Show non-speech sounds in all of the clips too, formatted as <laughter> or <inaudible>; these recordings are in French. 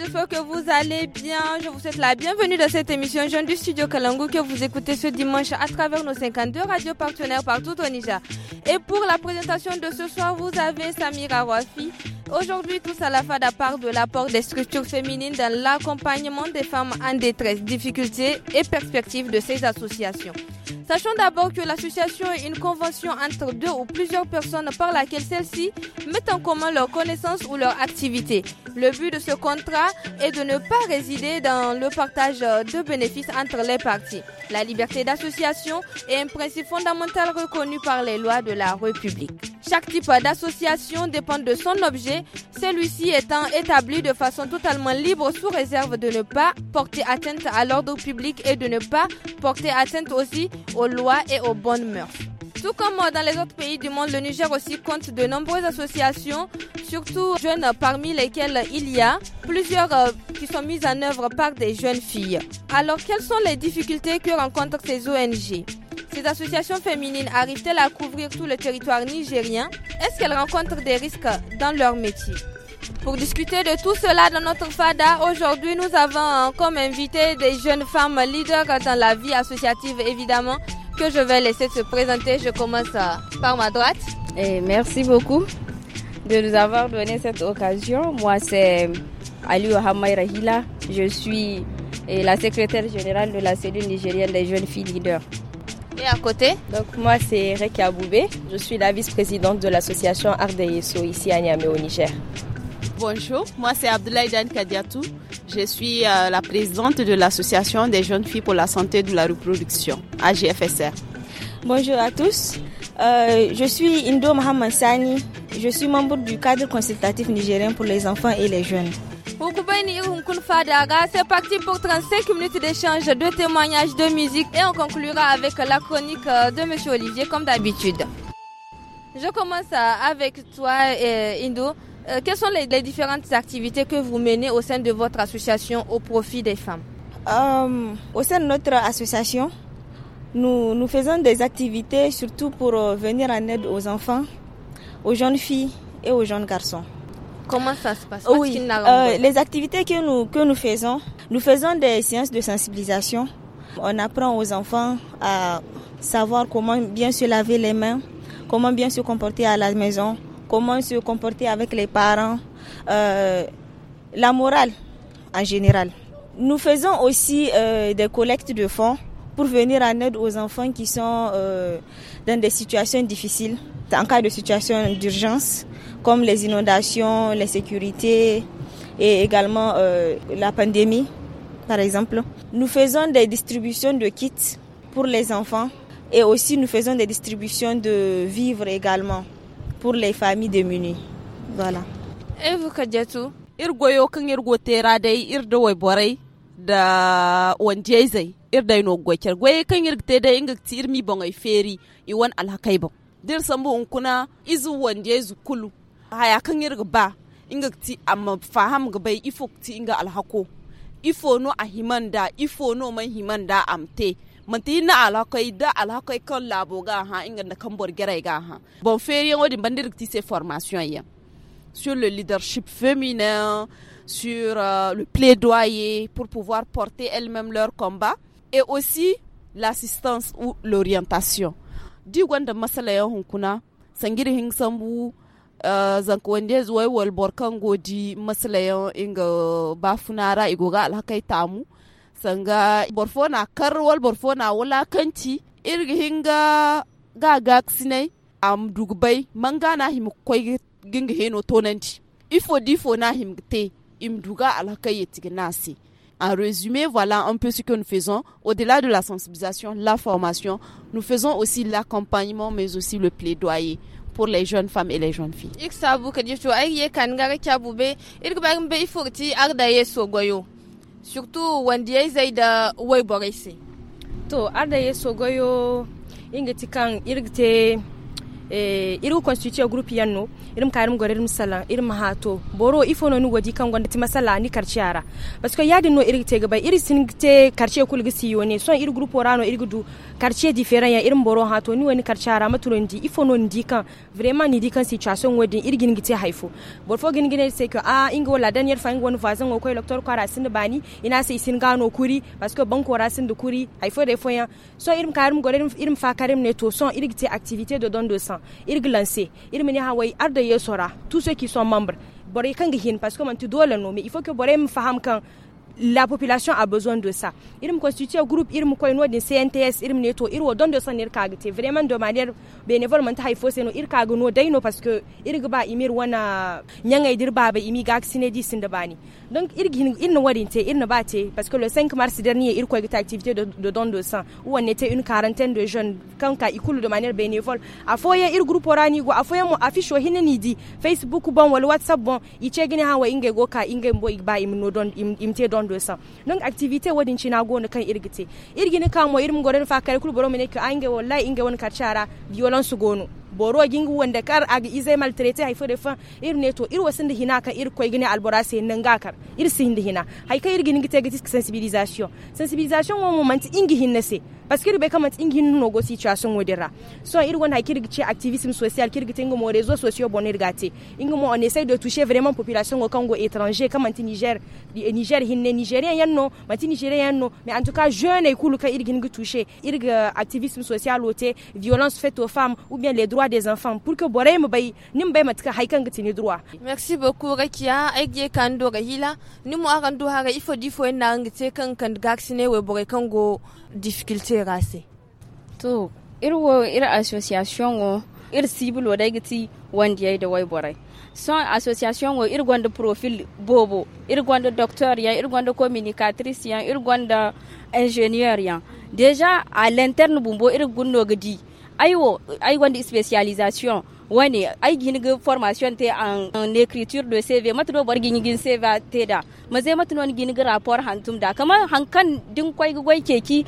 j'espère que vous allez bien. Je vous souhaite la bienvenue dans cette émission Jeune du Studio Kalangu que vous écoutez ce dimanche à travers nos 52 radios partenaires partout au Niger. Et pour la présentation de ce soir, vous avez Samira Wafi. Aujourd'hui, tous à la Fada part de l'apport des structures féminines dans l'accompagnement des femmes en détresse, difficultés et perspectives de ces associations. Sachons d'abord que l'association est une convention entre deux ou plusieurs personnes par laquelle celles-ci mettent en commun leurs connaissances ou leurs activités. Le but de ce contrat est de ne pas résider dans le partage de bénéfices entre les parties. La liberté d'association est un principe fondamental reconnu par les lois de la République. Chaque type d'association dépend de son objet, celui-ci étant établi de façon totalement libre sous réserve de ne pas porter atteinte à l'ordre public et de ne pas porter atteinte aussi aux lois et aux bonnes mœurs. Tout comme euh, dans les autres pays du monde, le Niger aussi compte de nombreuses associations, surtout jeunes euh, parmi lesquelles euh, il y a plusieurs qui sont mises en œuvre par des jeunes filles. Alors quelles sont les difficultés que rencontrent ces ONG ces associations féminines arrivent-elles à couvrir tout le territoire nigérien Est-ce qu'elles rencontrent des risques dans leur métier pour discuter de tout cela dans notre FADA, aujourd'hui nous avons euh, comme invité des jeunes femmes leaders dans la vie associative évidemment, que je vais laisser se présenter. Je commence euh, par ma droite. merci beaucoup de nous avoir donné cette occasion. Moi c'est Ali Hamay Rahila, je suis la secrétaire générale de la cellule nigérienne des jeunes filles leaders. Et à côté Donc moi c'est Rekia Boubé, je suis la vice-présidente de l'association Ardeyeso ici à Niamey au Niger. Bonjour, moi c'est Abdoulaye Jan Kadiatou. Je suis euh, la présidente de l'Association des jeunes filles pour la santé de la reproduction, AGFSR. Bonjour à tous, euh, je suis Indo Mohamed Sani. Je suis membre du cadre consultatif nigérien pour les enfants et les jeunes. C'est parti pour 35 minutes d'échange, de témoignages, de musique et on conclura avec la chronique euh, de M. Olivier comme d'habitude. Je commence avec toi, Indo. Euh, quelles sont les, différentes activités que vous menez au sein de votre association au profit des femmes euh, Au sein de notre association, nous, nous faisons des activités surtout pour euh, venir en aide aux enfants, aux jeunes filles et aux jeunes garçons. Comment ça se passe Oui, les activités que nous, que nous faisons, nous faisons des séances de sensibilisation. On apprend aux enfants à savoir comment bien se laver les mains, comment bien se comporter à la maison, comment se comporter avec les parents, euh, la morale en général. Nous faisons aussi euh, des collectes de fonds pour venir en aide aux enfants qui sont euh, dans des situations difficiles, en cas de situation d'urgence, comme les inondations, les sécurités et également la pandémie, par exemple. Nous faisons des distributions de kits pour les enfants et aussi nous faisons des distributions de vivres également. pour les familles démunies. Voilà. Et vous, Kadiatou, goyo kan irgo tera dai irda wai borai da wanje zai irda ino gwacer goye kan irgte dai inga ti irmi bon ai feri iwan alhakai bon dir sambu unkuna izu wanje zu kulu haya kan irga ba inga ti amma faham ga bai ifo ti inga alhako ifo no a da ifo no man da amte manti na alhakai da alhakai kan labo ga ha inga na kan bor ga ha bon feri wodi bandir ti se formation ya sur le leadership féminin sur euh, le plaidoyer pour pouvoir porter elles-mêmes leur combat et aussi l'assistance ou l'orientation di gwanda masala ya hunkuna sangiri hin sambu Uh, zanka wanda zuwa walbor kan godi masalayan inga bafunara igoga alhakai tamu sanga borfo na karwal borfo na kanti irga hinga gaga sinai am dugbai manga na him koy ginga heno tonanti ifo difo na him te im duga En résumé, voilà un peu ce que nous faisons. Au-delà de la sensibilisation, la formation, nous faisons aussi l'accompagnement, mais aussi le plaidoyer pour les jeunes femmes et les jeunes filles. surtout wanda ya zai da wai borai sai to arda ya sogoyo ingati kan irgite eh, iru constitution group yanno irin karim gore irim sala irim hato boro ifo no ni wadi kan ti masala ni karce ara parce que yadin no irgite gaba iri sin gite kulgisi yone son iri group rano irgudu quartier différent ya irin boro ha to ni wani karcha ra maturo ndi ifo no ndi kan vraiment ni di kan situation wodi irgin gite haifo bor fo gin gine se ko a ah, ingo la dernier fois ingo wani voisin ko ko docteur kwara sin bani ina sai sin gano kuri parce que banko ra sin kuri haifo de fo ya so irin karim gore irin fa karim ne to son irgite activité de don de sang irg lancer irin ni ha wai arda yesora tous ceux qui sont membres bore kan gihin parce que man tu dole no mais il faut que bore me faham kan la population a besoin de ça. Il me constitue un groupe, il me connaît des CNTS, il me netto, il me donne de son irkag. C'est vraiment de manière bénévole, mais il faut que nous irkag nous d'aino parce que il gba imir wana nyanga idir baba imi gak sinedi sindabani. Donc il il ne warinte, il ne batte parce que le 5 mars dernier il quoi activité de, de don de sang où on était une quarantaine de jeunes quand ka coule de manière bénévole. Afoya il groupe orani go afoya mo affiche hine nidi Facebook bon wal WhatsApp bon ichegine hawa inge go ka inge mbo igba imno don don do sa donc activité wadin china go kan irgite irgini ka mo irim goren fa kare kul boro ne ka ange wallahi inge won karchara violence gono boro gingu wanda kar ag izai maltraité hay fode fa ir ne to ir wasin hina ka ir koy gine alborase nanga kar ir sin hina hay ka irgini gite gite sensibilisation sensibilisation wo moment ingi hinne se parce que be kamat ingin situation wodira so ir won hakir gice activisme social kir gitingo mo réseaux sociaux boner gati ingo mo on essaie de toucher vraiment population au Congo étranger comme Niger Niger hinne Nigérien yanno mati Nigérien yanno mais en tout cas jeune et cool ka ir gin toucher ir activisme social wote violence faite aux femmes ou bien les droits des enfants pour que boray mo bay nim bay matka haikan gitini droit merci beaucoup rekia ayge kando ga hila nimu akan do haga ifo difo na ngite kan kan gaksine we boray kango difficulté be ga se to irwo ir association wo ir sibil wo dai giti wanda yayi da wai borai son association wo ir gonda profil bobo ir gonda docteur ya ir gonda communicatrice ya ir gonda ingénieur ya déjà à l'interne bumbo ir gunno gidi aiwo ai gonda spécialisation wani ai gini formation te an écriture de CV matno bor gini gin CV te da maze matno gini ga rapport hantum da kama hankan din kwai ga gwai keki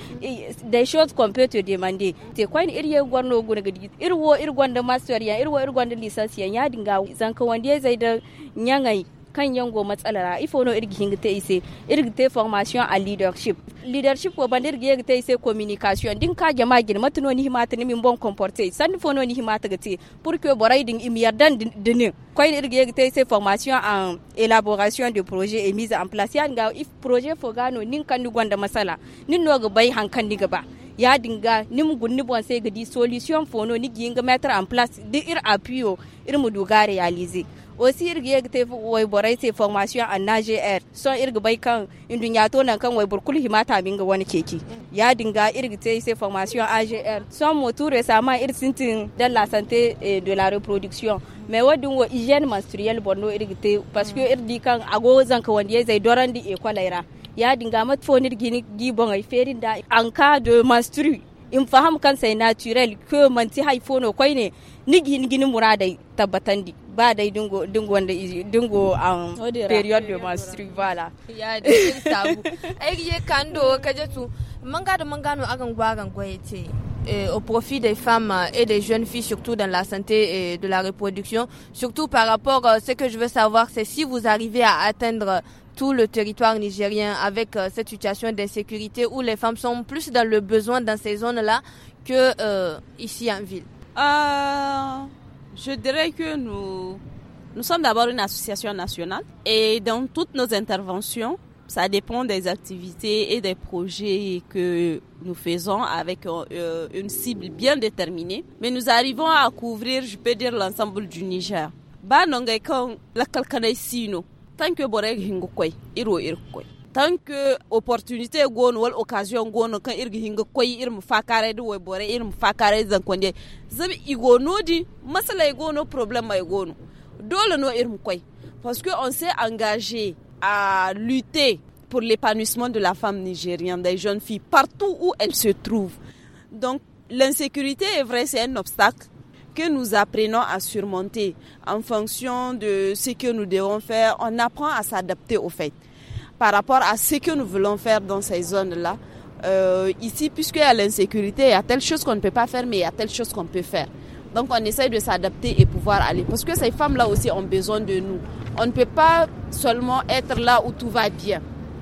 da short computer demande te kwai ni iriye gwarno gune gidi irwo irgonda master ya irwo irgonda license ya dinga zanka wande zai da nyangai kan yango matsalara il faut no irgi hingte ise irgi formation a leadership leadership ko ban irgi ta ise communication din ka jama gin matuno ni himata ni min bon comporter san fo no ni himata gate pour que borai din im yardan din ko irgi irgi ta ise formation en élaboration de projet et mise en place ya ga if projet fo gano nin kan ni gonda masala nin no ga bai hankan ni ba ya dinga nim gunni bon sai di solution fono ni ginga mettre en place di ir appuyo ir mu dugare realiser aussi irgi yeg te wai borai te formation a naje air son irgi bai kan indun ya tonan kan wai burkul hima ta minga wani keki ya dinga irgi te se formation a je air son moture sama ir sintin de la santé et eh, de la reproduction mais wadin wa hygiène menstruel bonno irgi te parce que irdi kan ago zan ka wanda zai dorandi e kwalaira ya dinga mat fonir gini gibon ai ferin da an de menstruation Il kansa ya natural ko manti que kwai ne nigi nigini muradai tabbatandi ba dai dingo dingo wanda dingo um, period de mastri voilà ya din sabu <laughs> ai kando manga da agan eh, au profit des femmes eh, et des jeunes filles, surtout dans la santé et eh, de la reproduction. Surtout par rapport, euh, ce que je veux savoir, c'est si vous arrivez à atteindre tout le territoire nigérien avec euh, cette situation d'insécurité où les femmes sont plus dans le besoin dans ces zones-là que euh, ici en ville euh, Je dirais que nous, nous sommes d'abord une association nationale et dans toutes nos interventions, ça dépend des activités et des projets que nous faisons avec une cible bien déterminée. Mais nous arrivons à couvrir, je peux dire, l'ensemble du Niger. Ba sino tant que bore hingo koy iro ir koy tant que opportunité gon wal occasion gon kan irga hingo koy fakare wo bore mu fakare zan konde zabi masala igono problem mai gonu dole no mu koy parce que on s'est engagé à lutter pour l'épanouissement de la femme nigérienne, des jeunes filles, partout où elles se trouvent. Donc, l'insécurité est vrai, c'est un obstacle que nous apprenons à surmonter en fonction de ce que nous devons faire. On apprend à s'adapter au fait par rapport à ce que nous voulons faire dans ces zones-là. Euh, ici, puisqu'il y a l'insécurité, il y a telle chose qu'on ne peut pas faire, mais il y a telle chose qu'on peut faire. Donc on essaye de s'adapter et pouvoir aller. Parce que ces femmes-là aussi ont besoin de nous. On ne peut pas seulement être là où tout va bien.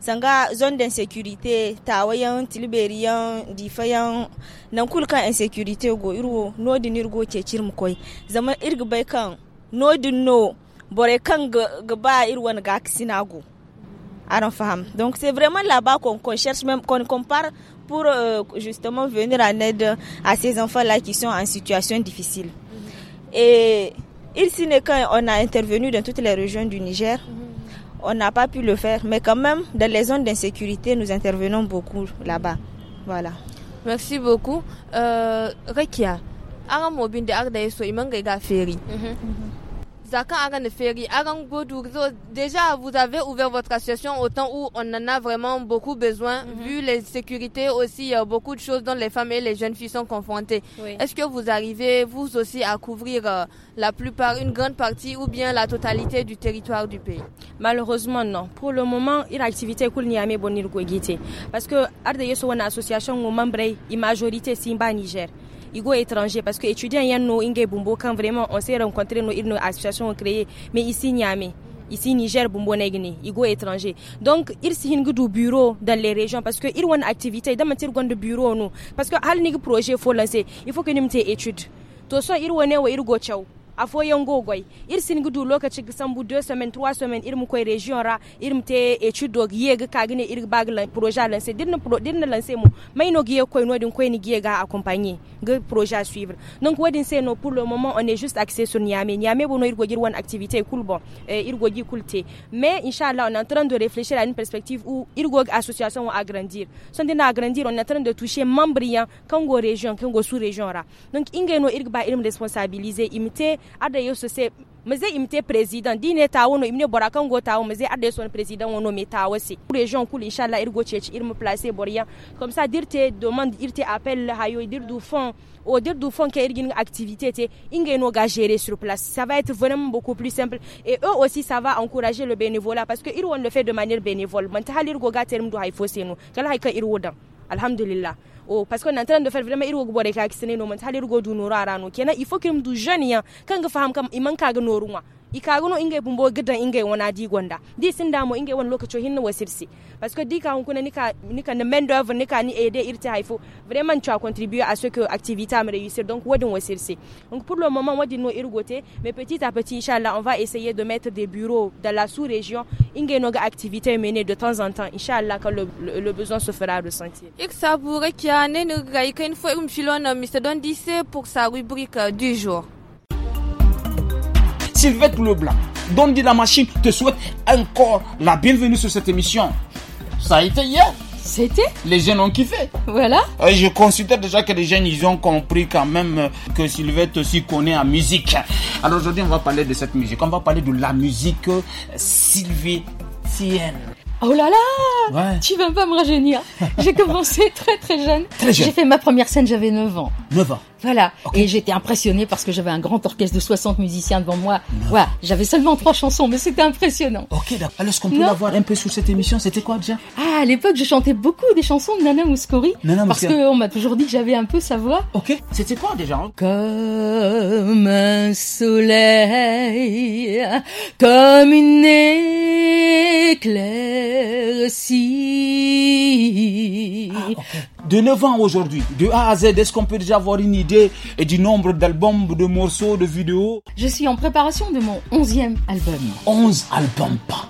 sanga zone d'insécurité tawayan tilberiyan difayan nan kulkan insécurité go irwo nodin irgo ke cirmu koy zama irga bai kan nodin no bore kan gaba irwan ga sinago aran faham donc c'est vraiment là-bas qu'on qu cherche même qu'on compare pour euh, justement venir en aide à ces enfants là qui sont en situation difficile et il quand on a intervenu dans toutes les régions du Niger mm -hmm on n'a pas pu le faire. Mais quand même, dans les zones d'insécurité, nous intervenons beaucoup là-bas. Voilà. Merci beaucoup. Euh, Rekia, Déjà, vous avez ouvert votre association au temps où on en a vraiment beaucoup besoin, mhm. vu les sécurités aussi, beaucoup de choses dont les femmes et les jeunes filles sont confrontées. Est-ce que vous arrivez, vous aussi, à couvrir euh, la plupart, une grande partie ou bien la totalité du territoire du pays Malheureusement, non. Pour le moment, il y a activité d'activité. Parce que, arde yeso association ou majorité simba Niger igo étranger parce que étudiant yanno ingé bumbo quand vraiment on s'est rencontré nos une association créée mais ici Niamey ici Niger bumbo negni igo étranger donc il signe du bureau dans les régions parce que il one activité dans matière de bureau nous parce que hal nig projet faut lancer il faut que nous études to so il one wa il go afo yango goy ir sin gudu lokaci gisan bu 2 semaines 3 semaines ir mu koy region ra ir mu etude dog yeg ka ir bag projet lan se dirna pro dirna lan se mu may no giye koy no din koy ni giye ga accompagner ge projet à suivre donc wadin se no pour le moment on est juste axé sur Niamey Niamey bono ir gogir one activité cool bon eh, ir gogi culte mais inshallah on est en train de réfléchir à une perspective où ir gog association va agrandir son dina agrandir on est en train de toucher membre yan kango région kango sous région ra donc ingeno ir ba ir responsabiliser imité ada yo mais mu zai imte president dine ta wono imne bora kan go ta mu zai ada son president wono me ta wasi region kul inshallah irgo ceci ir me placer boriya comme ça dirte demande irte appel hayo dir du fond au dire du fond oh, que irgin activité te inge no ga gérer sur place ça va être vraiment beaucoup plus simple et eux aussi ça va encourager le bénévolat parce que irwon le fait de manière bénévole man ta halir go ga term du hay fosenu kala hay ka irwodan alhamdulillah oh parce qu'on est en train de faire vraiment des choses qui sont no man tali go du il faut que du jeune ya kam ikaguno inge bumbo gidan inge wana di gonda di sin da mo inge wani lokaci hinna wasirsi parce que di ka hun kuna nika nika na men d'oeuvre nika ni aider irte haifo vraiment tu as contribué à ce que activité am réussir donc wadin wasirsi donc pour le moment wadi no irgote mais petit à petit inchallah on va essayer de mettre des bureaux dans la sous-région inge no ga activité menée de temps en temps inchallah quand le, le, le besoin se fera ressentir ik sabure kiane ne ga ikin fo um filon mr don dice pour sa rubrique du jour Sylvette Leblanc, Dondi la machine te souhaite encore la bienvenue sur cette émission. Ça a été hier. C'était Les jeunes ont kiffé. Voilà. Euh, je considère déjà que les jeunes, ils ont compris quand même euh, que Sylvette aussi connaît la musique. Alors aujourd'hui, on va parler de cette musique. On va parler de la musique euh, sylvétienne. Oh là là Tu vas pas me rajeunir. J'ai commencé <laughs> très très jeune. Très jeune. J'ai fait ma première scène, j'avais 9 ans. 9 ans. Voilà. Et j'étais impressionnée parce que j'avais un grand orchestre de 60 musiciens devant moi. Voilà. J'avais seulement trois chansons, mais c'était impressionnant. Ok, Alors, ce qu'on peut avoir un peu sous cette émission, c'était quoi déjà Ah, à l'époque, je chantais beaucoup des chansons de Nana Mouskouri. Nana parce qu'on m'a toujours dit que j'avais un peu sa voix. Ok. C'était quoi déjà Comme un soleil, comme une éclaircie, ah, de 9 ans aujourd'hui, de A à Z, est-ce qu'on peut déjà avoir une idée du nombre d'albums, de morceaux, de vidéos Je suis en préparation de mon 11e album. 11 albums, pas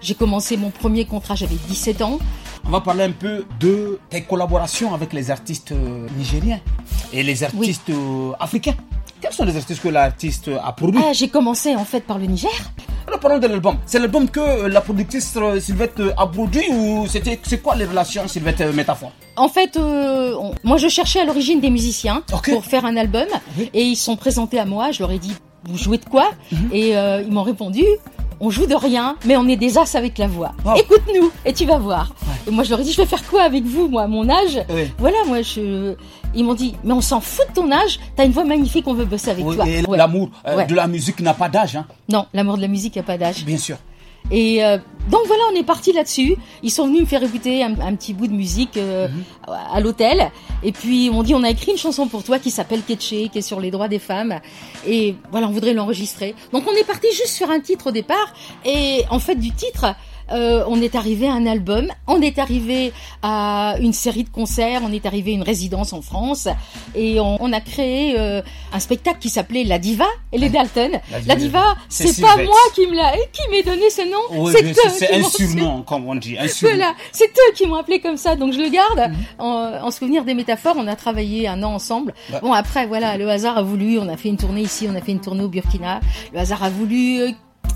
J'ai commencé mon premier contrat, j'avais 17 ans. On va parler un peu de tes collaborations avec les artistes euh, nigériens et les artistes euh, africains. Quels sont les artistes que l'artiste a produits ah, J'ai commencé en fait par le Niger. Alors parlons de l'album. C'est l'album que euh, la productrice euh, Sylvette euh, a produit ou c'était c'est quoi les relations Sylvette Métaphore En fait, moi je cherchais à l'origine des musiciens pour faire un album et ils sont présentés à moi. Je leur ai dit vous jouez de quoi mhm. Et ils m'ont répondu on joue de rien, mais on est des as avec la voix. Écoute-nous et tu vas voir. Et moi, je leur ai dit, je vais faire quoi avec vous, moi, à mon âge Voilà, moi, je, ils m'ont dit, mais on s'en fout de ton âge, t'as une voix magnifique, on veut bosser avec oui, toi. Et l'amour euh, de la musique n'a pas d'âge. Hein. Non, l'amour de la musique n'a pas d'âge. Bien sûr. Et euh, donc voilà, on est parti là-dessus. Ils sont venus me faire écouter un, petit bout de musique euh, mhm. à l'hôtel. Et puis on dit, on a écrit une chanson pour toi qui s'appelle Ketché, qui est sur les droits des femmes. Et voilà, on voudrait l'enregistrer. Donc on est parti juste sur un titre au départ. Et en fait, du titre, euh, on est arrivé à un album, on est arrivé à une série de concerts, on est arrivé à une résidence en France et on, a créé euh, un spectacle qui s'appelait La Diva et les Dalton. La, Diva, c'est pas moi qui me l'a, eh, qui m'ai donné ce nom, c'est eux. C'est eux qui m'ont appelé comme ça, donc je le garde mhm. en, en, souvenir des métaphores. On a travaillé un an ensemble. Bah. Bon après voilà, le hasard a voulu, on a fait une tournée ici, on a fait une tournée au Burkina. Le hasard a voulu euh,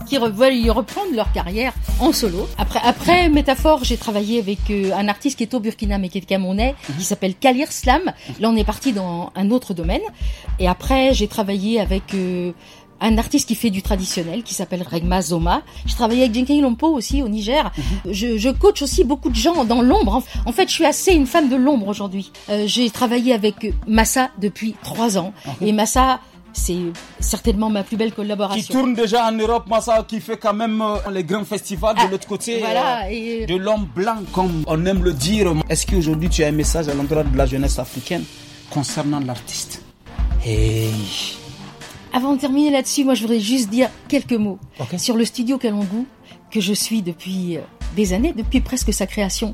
qui veulent y reprendre leur carrière en solo. Après, après Métaphore, j'ai travaillé avec euh, un artiste qui est au Burkina mais qui est camerounais, qui mhm. s'appelle Kalir Slam. Là, on est parti dans un autre domaine. Et après, j'ai travaillé avec euh, un artiste qui fait du traditionnel qui s'appelle Regma Zoma. J'ai travaillé avec Jenkin Lompo aussi au Niger. Mhm. Je, je, coach aussi beaucoup de gens dans l'ombre. En, fait, je suis assez une femme de l'ombre aujourd'hui. Euh, j'ai travaillé avec Massa depuis trois ans. Ah Et Massa, c'est certainement ma plus belle collaboration. Qui tourne déjà en Europe, Massa, qui fait quand même euh, les grands festivals de ah, l'autre côté voilà, euh, euh, de l'homme blanc, comme on aime le dire. Est-ce qu'aujourd'hui tu as un message à l'endroit de la jeunesse africaine concernant l'artiste Avant de terminer là-dessus, moi je voudrais juste dire quelques mots sur le studio Kalangou que je suis depuis des années, depuis presque sa création,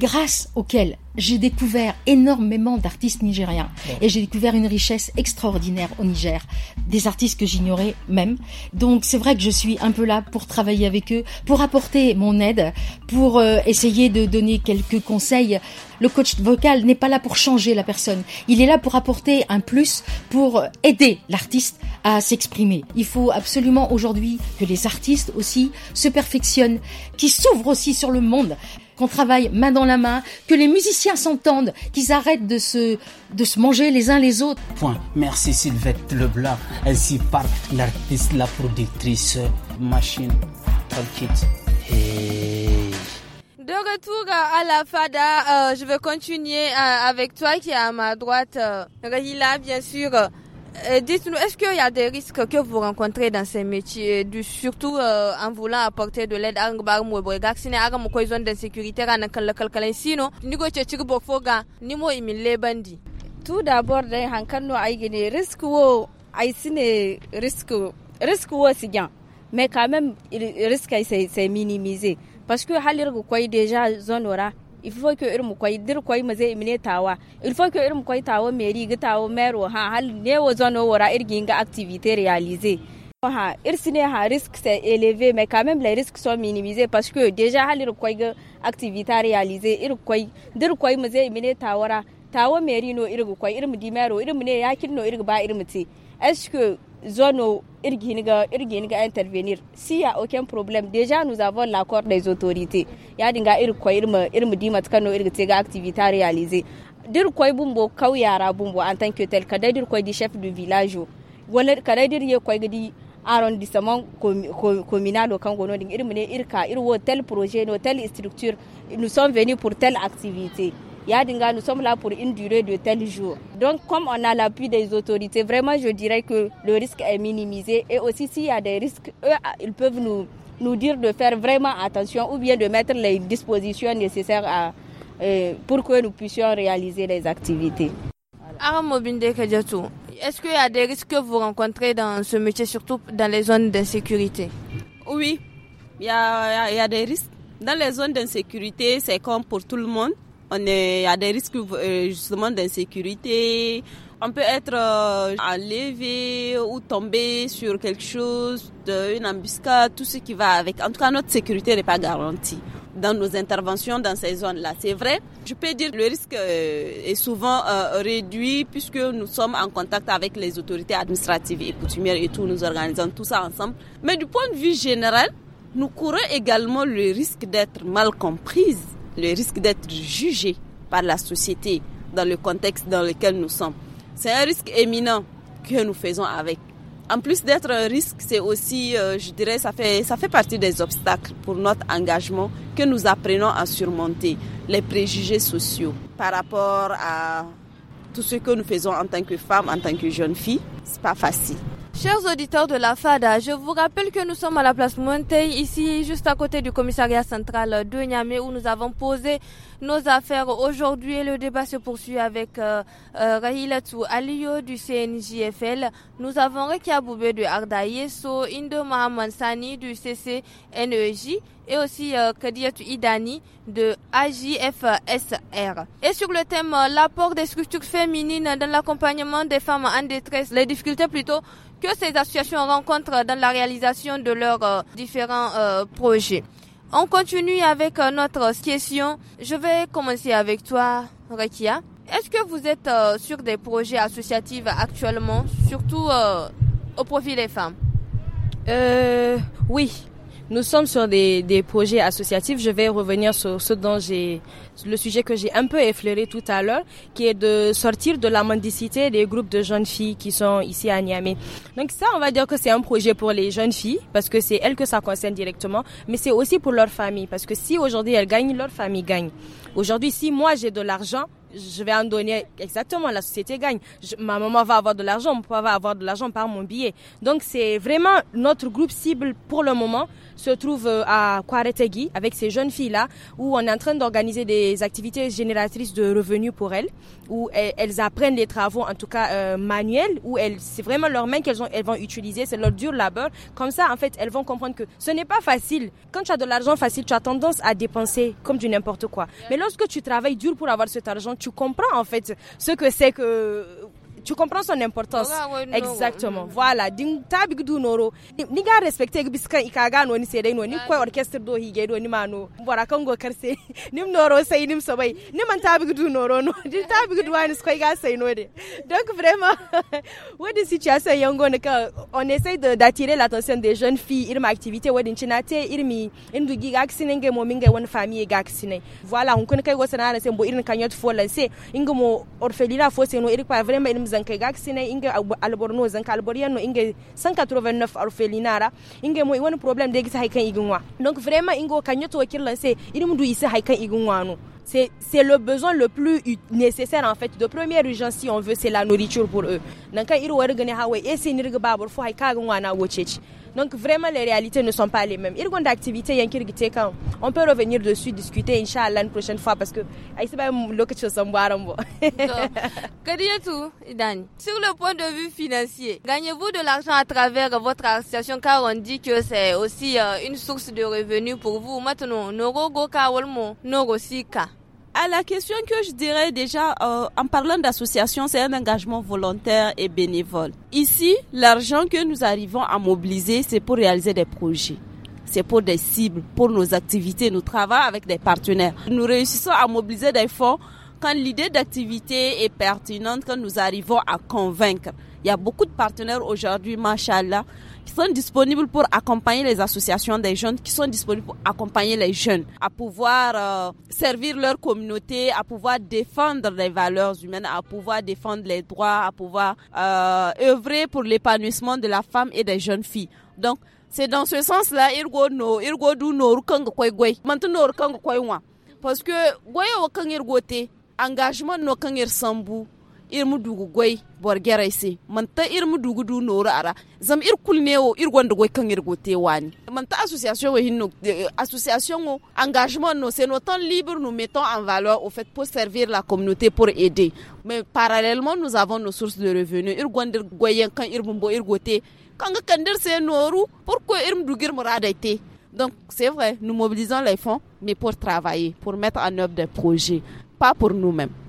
grâce auquel j'ai découvert énormément d'artistes nigériens et j'ai découvert une richesse extraordinaire au Niger, des artistes que j'ignorais même. Donc c'est vrai que je suis un peu là pour travailler avec eux, pour apporter mon aide, pour euh, essayer de donner quelques conseils. Le coach vocal n'est pas là pour changer la personne, il est là pour apporter un plus, pour aider l'artiste à s'exprimer. Il faut absolument aujourd'hui que les artistes aussi se perfectionnent, qui s'ouvre aussi sur le monde, qu'on travaille main dans la main, que les musiciens s'entendent, qu'ils arrêtent de se, de se manger les uns les autres. Point. Merci Sylvette Leblanc, ainsi par l'artiste, la productrice, machine, tranquille. De retour à la FADA, euh, je veux continuer euh, avec toi qui est à ma droite, euh, Rahila, bien sûr. Euh, dites-nous, est-ce qu'il y a des risques que vous rencontrez dans ces métiers, euh, du, surtout euh, en voulant apporter de l'aide à un bar mouéboué Gaxine, à un zone d'insécurité, à un sinon, ni go tchétchik bofoga, ni mo de Tout d'abord, il y a risque risques qui risque, risque aussi sigan. Mais quand même, le risque sont minimisé. Parce que, vous avez déjà zone il faut que irin kwai dir kwai ma zai imine tawa il faut que irin kwai tawa meri ga tawo mero ha hal ne wo zono wora irgi ga activité réalisée ha irsine ha risque c'est élevé mais quand même les risques sont minimisés parce que déjà hal ir kwai ga activité réalisée irin kwai dir kwai ma zai imine tawara tawo meri no irin kwai irin di mero irin ne yakin no irin ba irmu est-ce que zone irginiga irginiga intervenir Si y a aucun problème déjà nous avons l'accord des autorités ya dinga ir ko irma irma dimat kano irga tega activité réalisé dir koy bumbo kaw yara bumbo en tant que tel kada dir koy di chef du village wala kada dir ye a gidi arrondissement communal au Kangono ir ne irka ir tel projet no tel structure nous sommes venus pour telle activité nous sommes là pour une durée de tel jour. Donc, comme on a l'appui des autorités, vraiment, je dirais que le risque est minimisé. Et aussi, s'il y a des risques, eux, ils peuvent nous, nous dire de faire vraiment attention ou bien de mettre les dispositions nécessaires à, euh, pour que nous puissions réaliser les activités. Voilà. Est-ce qu'il y a des risques que vous rencontrez dans ce métier, surtout dans les zones d'insécurité Oui, il y, a, il y a des risques. Dans les zones d'insécurité, c'est comme pour tout le monde on y à des risques euh, justement d'insécurité. On peut être euh, enlevé ou tomber sur quelque chose, une embuscade, tout ce qui va avec. En tout cas, notre sécurité n'est pas garantie dans nos interventions dans ces zones-là. C'est vrai, je peux dire que le risque euh, est souvent réduit puisque nous sommes en contact avec les autorités administratives et coutumières et tout, nous organisons tout ça ensemble. Mais du point de vue général, nous courons également le risque d'être mal comprises le risque d'être jugé par la société dans le contexte dans lequel nous sommes. C'est un risque éminent que nous faisons avec. En plus d'être un risque, c'est aussi, euh, je dirais, ça fait, ça fait partie des obstacles pour notre engagement que nous apprenons à surmonter, les préjugés sociaux par rapport à tout ce que nous faisons en tant que femmes, en tant que jeunes filles. C'est pas facile. Chers auditeurs de la FADA, je vous rappelle que nous sommes à la place Monte, ici juste à côté du commissariat central de Niamey, où nous avons posé nos affaires aujourd'hui le débat se poursuit avec euh, euh Rahilatou du CNJFL. Nous avons Rekia Boubé de Arda Yeso, Indo du CCNEJ et aussi euh, Kadiatou Idani de AJFSR. Et sur le thème euh, l'apport des structures féminines dans l'accompagnement des femmes en détresse, les difficultés plutôt, que ces associations rencontrent dans la réalisation de leurs euh, différents euh, projets. On continue avec euh, notre question. Je vais commencer avec toi, Rekia. Est-ce que vous êtes sur des projets associatifs actuellement, surtout au profit des femmes euh, Oui, nous sommes sur des, des projets associatifs. Je vais revenir sur ce dont j'ai, le sujet que j'ai un peu effleuré tout à l'heure, qui est de sortir de la mendicité des groupes de jeunes filles qui sont ici à Niamey. Donc ça, on va dire que c'est un projet pour les jeunes filles, parce que c'est elles que ça concerne directement, mais c'est aussi pour leur famille, parce que si aujourd'hui elles gagnent, leur famille gagne. Aujourd'hui, si moi j'ai de l'argent, je vais en donner exactement, la société gagne. ma maman va avoir de l'argent, mon papa va avoir de l'argent par mon billet. Donc c'est vraiment notre groupe cible pour le moment se trouve euh, à Kwaretegui avec ces jeunes filles-là où on est en train d'organiser des activités génératrices de revenus pour elles, où elles, apprennent les travaux en tout cas euh, manuels, où elles, c'est vraiment leurs mains qu'elles ont, elles vont utiliser, c'est leur dur labeur. Comme ça, en fait, elles vont comprendre que ce n'est pas facile. Quand tu as de l'argent facile, tu as tendance à dépenser comme du n'importe quoi. Mais lorsque tu travailles dur pour avoir cet argent, tu comprends en fait ce que c'est que tu comprends son importance exactement mm. voilà ding tabig du noro ni ga respecte bis ikaga no ni sedai no ni ko orchestre do hige do ni mano bora kan go karse <laughs> nim noro sey nim sobai ni man tabig du noro no <laughs> din tabig du wani koy ga sey no de donc vraiment <laughs> what the situation yango ne ka on essaie d'attirer l'attention des jeunes filles irma activité wadin chinate irmi indu gi ga ksine nge mo minga won famille e ga ksine voilà on kun kai go sanana sen bo irin kanyot fo lanse ingo mo orphelinat fo sen no irpa vraiment zankai ga sine inge alborno zanka alboriano inge 189 orfelinara inge mo wani problem de gisa haikan igunwa donc vraiment ingo kanyoto to kirlanse irim du isa haikan igunwa no c'est le besoin le plus nécessaire en fait de première urgence si on veut c'est la nourriture pour eux nanka iru wargane hawe esi nirga babur fo haikagun wana woceci donc vraiment, les réalités ne sont pas les mêmes. Il y a d'activités, il y a On peut revenir dessus, discuter, Inch'Allah, une prochaine fois, parce que c'est ah, pas Que dis-tu, Dani, sur le point de vue financier, gagnez-vous de l'argent à travers votre association, car on dit que c'est aussi euh, une source de revenus pour vous. Maintenant, Norogo Kawolmo, Norosika. À la question que je dirais déjà, euh, en parlant d'association, c'est un engagement volontaire et bénévole. Ici, l'argent que nous arrivons à mobiliser, c'est pour réaliser des projets. C'est pour des cibles, pour nos activités. Nous travaillons avec des partenaires. Nous réussissons à mobiliser des fonds quand l'idée d'activité est pertinente, quand nous arrivons à convaincre. Il y a beaucoup de partenaires aujourd'hui, machallah, qui sont disponibles pour accompagner les associations des jeunes, qui sont disponibles pour accompagner les jeunes à pouvoir euh, servir leur communauté, à pouvoir défendre les valeurs humaines, à pouvoir défendre les droits, à pouvoir euh, œuvrer pour l'épanouissement de la femme et des jeunes filles. Donc, c'est dans ce sens-là, maintenant Parce que, engagement irmu dugu goy bor gerai se manta irmu dugu du noro ara zam ir kulne o ir gonda goy kan ir gote wani manta association o hinno eh, association o engagement no c'est notre temps libre nous mettons en valeur au fait pour servir la communauté pour aider mais parallèlement nous avons nos sources de revenus ir gonda goyen kan ir bumbo ir gote kan kandir se noru pourquoi irmu dugir murada ite donc c'est vrai nous mobilisons les fonds mais pour travailler pour mettre en œuvre des projets pas pour nous-mêmes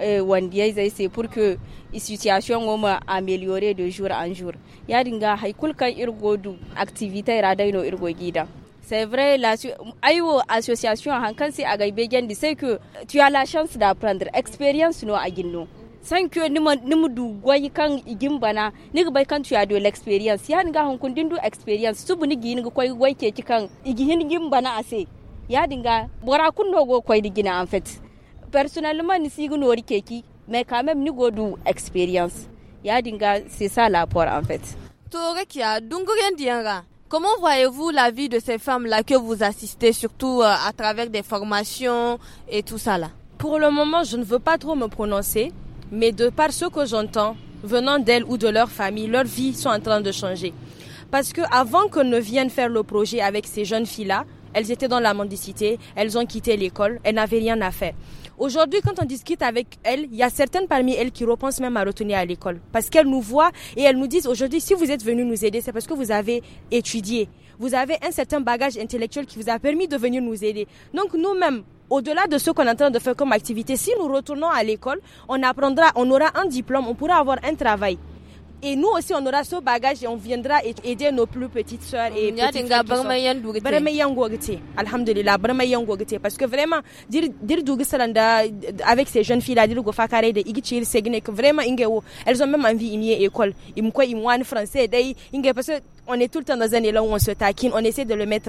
Euh, wanda pour que purke situation ngoma améliorer de jour en jour ya dinga kulkan irgo du activité radaino irgo gida C'est vrai, l'association la, Hankansi Agaibegen dit que tu as la chance d'apprendre. Expérience, non, Agino. san kyo nima nimu du gwai kan igin bana niga bai kan tuya do experience ya dinga on kundin du experience subu ni gini koi gwai ke kan igihin gin bana ase ya dinga bora kun no go koi digina en fait personnellement ni mais quand même ni expérience ya c'est ça l'apport en fait Comment voyez-vous la vie de ces femmes-là que vous assistez, surtout euh, à travers des formations et tout ça là Pour le moment, je ne veux pas trop me prononcer, mais de par ce que j'entends, venant d'elles ou de leur famille, leur vie sont en train de changer. Parce que avant qu'on ne vienne faire le projet avec ces jeunes filles-là, elles étaient dans la mendicité, elles ont quitté l'école, elles n'avaient rien à faire. Aujourd'hui, quand on discute avec elles, il y a certaines parmi elles qui repensent même à retourner à l'école parce qu'elles nous voient et elles nous disent aujourd'hui, si vous êtes venus nous aider, c'est parce que vous avez étudié. Vous avez un certain bagage intellectuel qui vous a permis de venir nous aider. Donc nous-mêmes, au-delà de ce qu'on est en train de faire comme activité, si nous retournons à l'école, on apprendra, on aura un diplôme, on pourra avoir un travail. Et nous aussi, on aura ce bagage et on viendra aider nos plus petites sœurs et mm, petites Alhamdulillah, parce que vraiment, avec ces jeunes filles-là, que vraiment, elles ont même envie à l'école. Ils m'ont français, parce qu'on est tout le temps dans un élan où on se taquine, on essaie de le mettre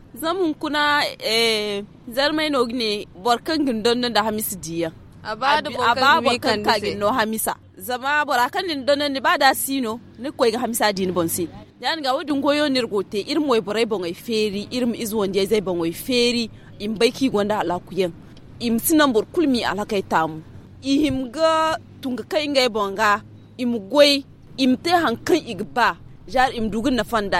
zamun kuna eh, zarmai no ne borkan gindon da hamisu diya a ba da borkan gindon no hamisa zama borakan gindon nan ni ba da sino ni koy ga hamisa ni bonse yan ga wudin goyo ni rgote irin moy borai bon ai feri irin iz wonde zai bon ai feri in baiki gonda ala kuyen im sinan bor kulmi ala kai tamu ihim ga tunga kai ngai bonga im goy im te hankan igba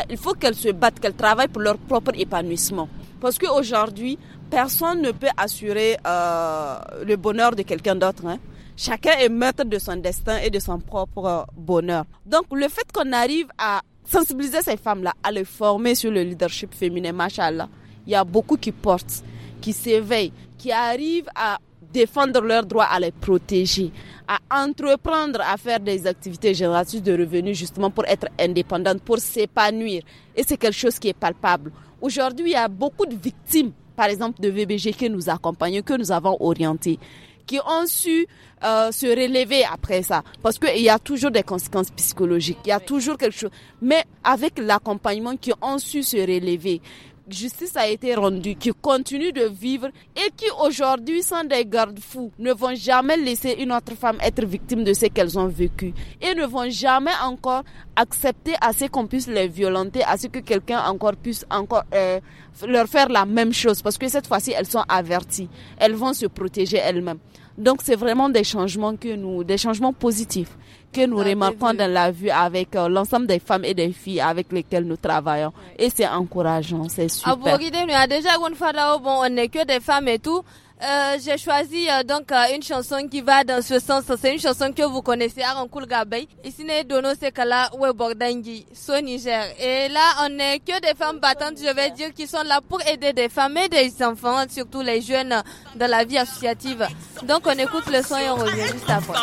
il faut qu'elles se battent, qu'elles travaillent pour leur propre épanouissement. Parce qu'aujourd'hui, personne ne peut assurer euh, le bonheur de quelqu'un d'autre. Hein. Chacun est maître de son destin et de son propre euh, bonheur. Donc le fait qu'on arrive à sensibiliser ces femmes-là, à les former sur le leadership féminin, machallah, il y a beaucoup qui portent, qui s'éveillent, qui arrivent à défendre leurs droits, à les protéger, à entreprendre, à faire des activités génératrices de revenus justement pour être indépendante, pour s'épanouir. Et c'est quelque chose qui est palpable. Aujourd'hui, il y a beaucoup de victimes, par exemple, de VBG que nous accompagnons, que nous avons orientées qui ont su euh, se relever après ça. Parce qu'il y a toujours des conséquences psychologiques, il y a toujours quelque chose. Mais avec l'accompagnement, qui ont su se relever justice a été rendue, qui continue de vivre et qui aujourd'hui, sont des garde-fous, ne vont jamais laisser une autre femme être victime de ce qu'elles ont vécu et ne vont jamais encore accepter à ce qu'on puisse les violenter, à ce que quelqu'un encore puisse encore euh, leur faire la même chose parce que cette fois-ci, elles sont averties, elles vont se protéger elles-mêmes. Donc c'est vraiment des changements que nous, des changements positifs que nous remarquons dans la vue avec euh, l'ensemble des femmes et des filles avec lesquelles nous travaillons. Et c'est encourageant, c'est super. on n'est que des femmes et tout. Euh, j'ai choisi euh, donc euh, une chanson qui va dans ce sens. C'est une chanson que vous connaissez, Aaron Gabey. Ici, Webordangi, Niger. Et là, on n'est que des femmes battantes, je vais dire, qui sont là pour aider des femmes et des enfants, surtout les jeunes, dans la vie associative. Donc, on écoute le son et on revient juste après.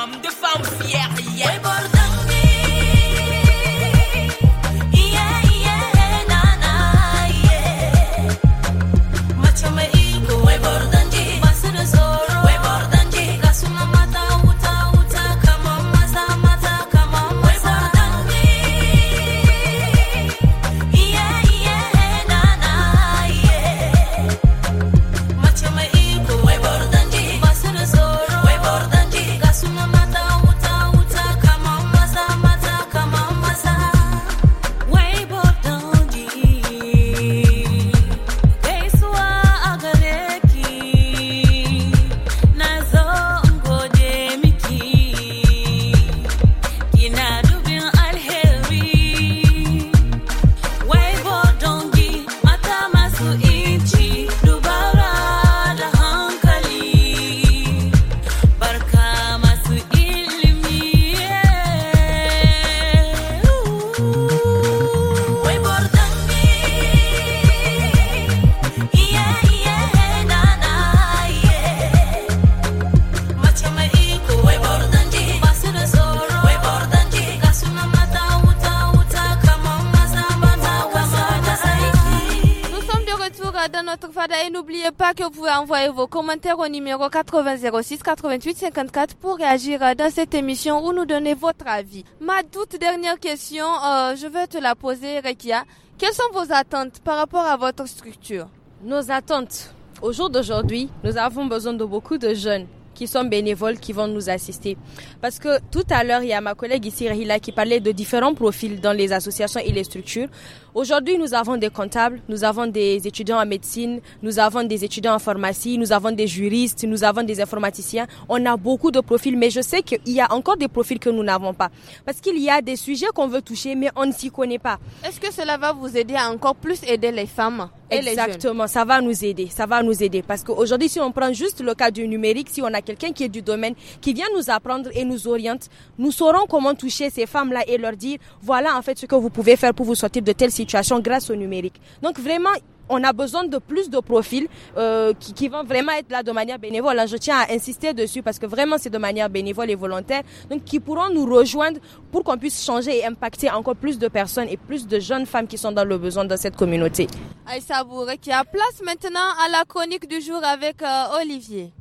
vos commentaires au numéro 80 06 88 54 pour réagir dans cette émission ou nous donner votre avis. Ma toute dernière question, euh, je vais te la poser, Rekia. Quelles sont vos attentes par rapport à votre structure Nos attentes. Au jour d'aujourd'hui, nous avons besoin de beaucoup de jeunes qui sont bénévoles qui vont nous assister. Parce que tout à l'heure, il y a ma collègue ici, Rahila, qui parlait de différents profils dans les associations et les structures. Aujourd'hui, nous avons des comptables, nous avons des étudiants en médecine, nous avons des étudiants en pharmacie, nous avons des juristes, nous avons des informaticiens. On a beaucoup de profils, mais je sais qu'il y a encore des profils que nous n'avons pas. Parce qu'il y a des sujets qu'on veut toucher, mais on ne s'y connaît pas. Est-ce que cela va vous aider à encore plus aider les femmes et Exactement, ça va nous aider, ça va nous aider. Parce qu'aujourd'hui, si on prend juste le cas du numérique, si on a quelqu'un qui est du domaine, qui vient nous apprendre et nous oriente, nous saurons comment toucher ces femmes-là et leur dire, voilà en fait ce que vous pouvez faire pour vous sortir de telle situation grâce au numérique. Donc vraiment, on a besoin de plus de profils euh, qui, vont vraiment être là de manière bénévole. Hein, je tiens à insister dessus parce que vraiment c'est de manière bénévole et volontaire. Donc qui pourront nous rejoindre pour qu'on puisse changer et impacter encore plus de personnes et plus de jeunes femmes qui sont dans le besoin dans cette communauté. Aïssa qui a place maintenant à la chronique du jour avec euh, Olivier.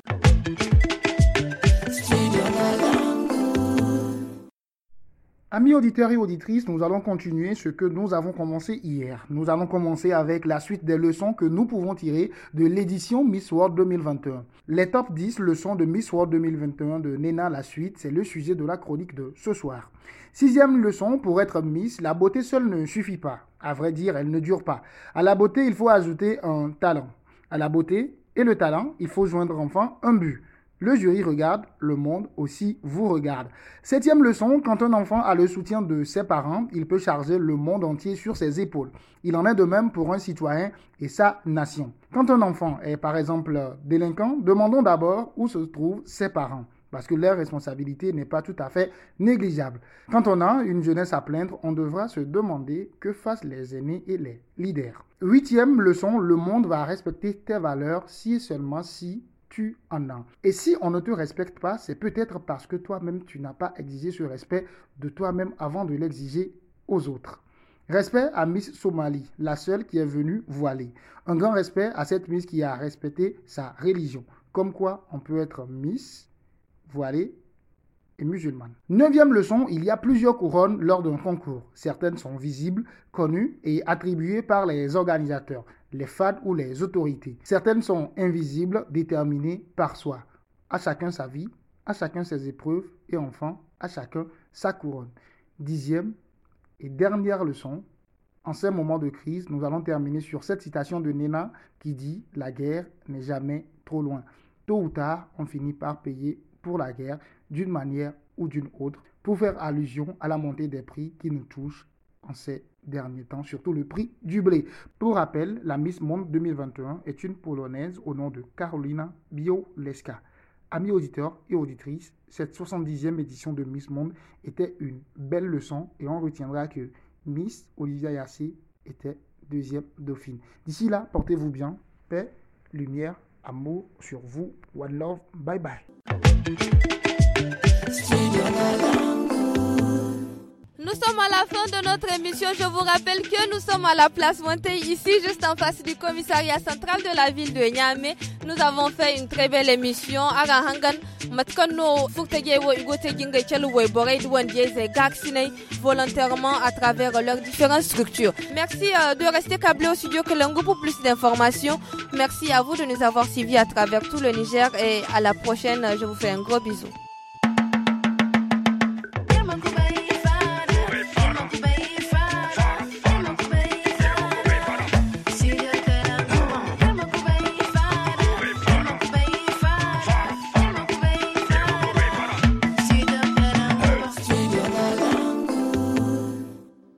Amis auditeurs et auditrices, nous allons continuer ce que nous avons commencé hier. Nous allons commencer avec la suite des leçons que nous pouvons tirer de l'édition Miss World 2021. Les top 10 leçons de Miss World 2021 de Nena La Suite, c'est le sujet de la chronique de ce soir. Sixième leçon, pour être Miss, la beauté seule ne suffit pas. À vrai dire, elle ne dure pas. À la beauté, il faut ajouter un talent. À la beauté et le talent, il faut joindre enfin un but. Le jury regarde, le monde aussi vous regarde. Septième leçon, quand un enfant a le soutien de ses parents, il peut charger le monde entier sur ses épaules. Il en est de même pour un citoyen et sa nation. Quand un enfant est par exemple délinquant, demandons d'abord où se trouvent ses parents parce que leur responsabilité n'est pas tout à fait négligeable. Quand on a une jeunesse à plaindre, on devra se demander que fassent les aînés et les leaders. Huitième leçon, le monde va respecter tes valeurs si et seulement si en as. Et si on ne te respecte pas, c'est peut-être parce que toi-même, tu n'as pas exigé ce respect de toi-même avant de l'exiger aux autres. Respect à Miss Somali, la seule qui est venue voiler Un grand respect à cette Miss qui a respecté sa religion. Comme quoi, on peut être Miss, voilée et musulmane. Neuvième leçon, il y a plusieurs couronnes lors d'un concours. Certaines sont visibles, connues et attribuées par les organisateurs les FAD ou les autorités. Certaines sont invisibles, déterminées par soi. À chacun sa vie, à chacun ses épreuves et enfin à chacun sa couronne. Dixième et dernière leçon, en ces moments de crise, nous allons terminer sur cette citation de Nena qui dit La guerre n'est jamais trop loin. Tôt ou tard, on finit par payer pour la guerre d'une manière ou d'une autre, pour faire allusion à la montée des prix qui nous touche ces derniers temps, surtout le prix du blé. Pour rappel, la Miss Monde 2021 est une Polonaise au nom de Karolina Bioleska. Amis auditeurs et auditrices, cette 70e édition de Miss Monde était une belle leçon et on retiendra que Miss Olivia Yassé était deuxième dauphine. D'ici là, portez-vous bien. Paix, lumière, amour sur vous. One love. Bye bye. Nous sommes à la fin de notre émission. Je vous rappelle que nous sommes à la place Montaigne, ici, juste en face du commissariat central de la ville de Niamey. Nous avons fait une très belle émission. Arahangan, Matkano, volontairement à travers leurs différentes structures. Merci euh, de rester câblé au studio Kelango pour plus d'informations. Merci à vous de nous avoir suivis à travers tout le Niger et à la prochaine. Je vous fais un gros bisou.